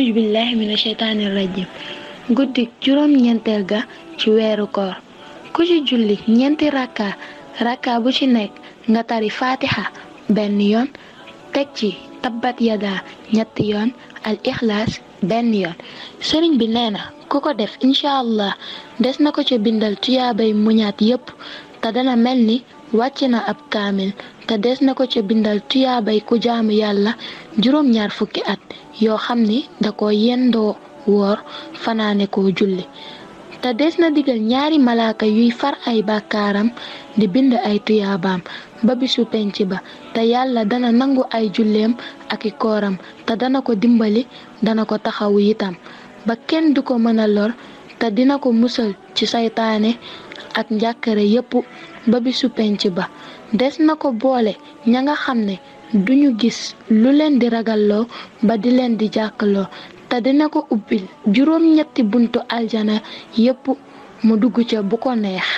a'udhu billahi minash shaitanir rajim guddi juroom ñentel ga ci wéru koor ku ci julli ñenti rakka rakka bu ci nekk nga tari fatiha ben yoon tek ci tabbat yada ñett yoon al ikhlas ben yoon sëriñ bi neena ku ko def inshallah des na ko ci bindal tiyabay muñaat yépp te dana melni wàcce na ab kaamil te des na ko ca bindal tuyaabay ku jaamu yàlla juróom-ñaar fukki at yoo xam ni da ko yendoo woor fanaane ko julli te des na digal ñaari malaaka yuy far ay bàkkaaram di bind ay tuyaabaam ba bisu penc ba te yàlla dana nangu ay julleem ak i kooram te dana ko dimbali dana ko taxawu itam ba kenn du ko mëna a te dina ko musal ci saytaane ak njàkkare yépp ba bisu penc ba des na ko boole ña nga xam ne duñu gis lu leen di ragalloo ba di leen di jàkkaloo te dina ko ubbil juróom ñetti buntu aljana yépp mu dugg ca bu ko neex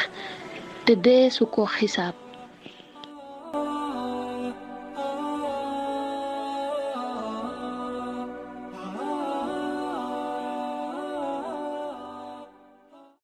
te deesu ko xisaab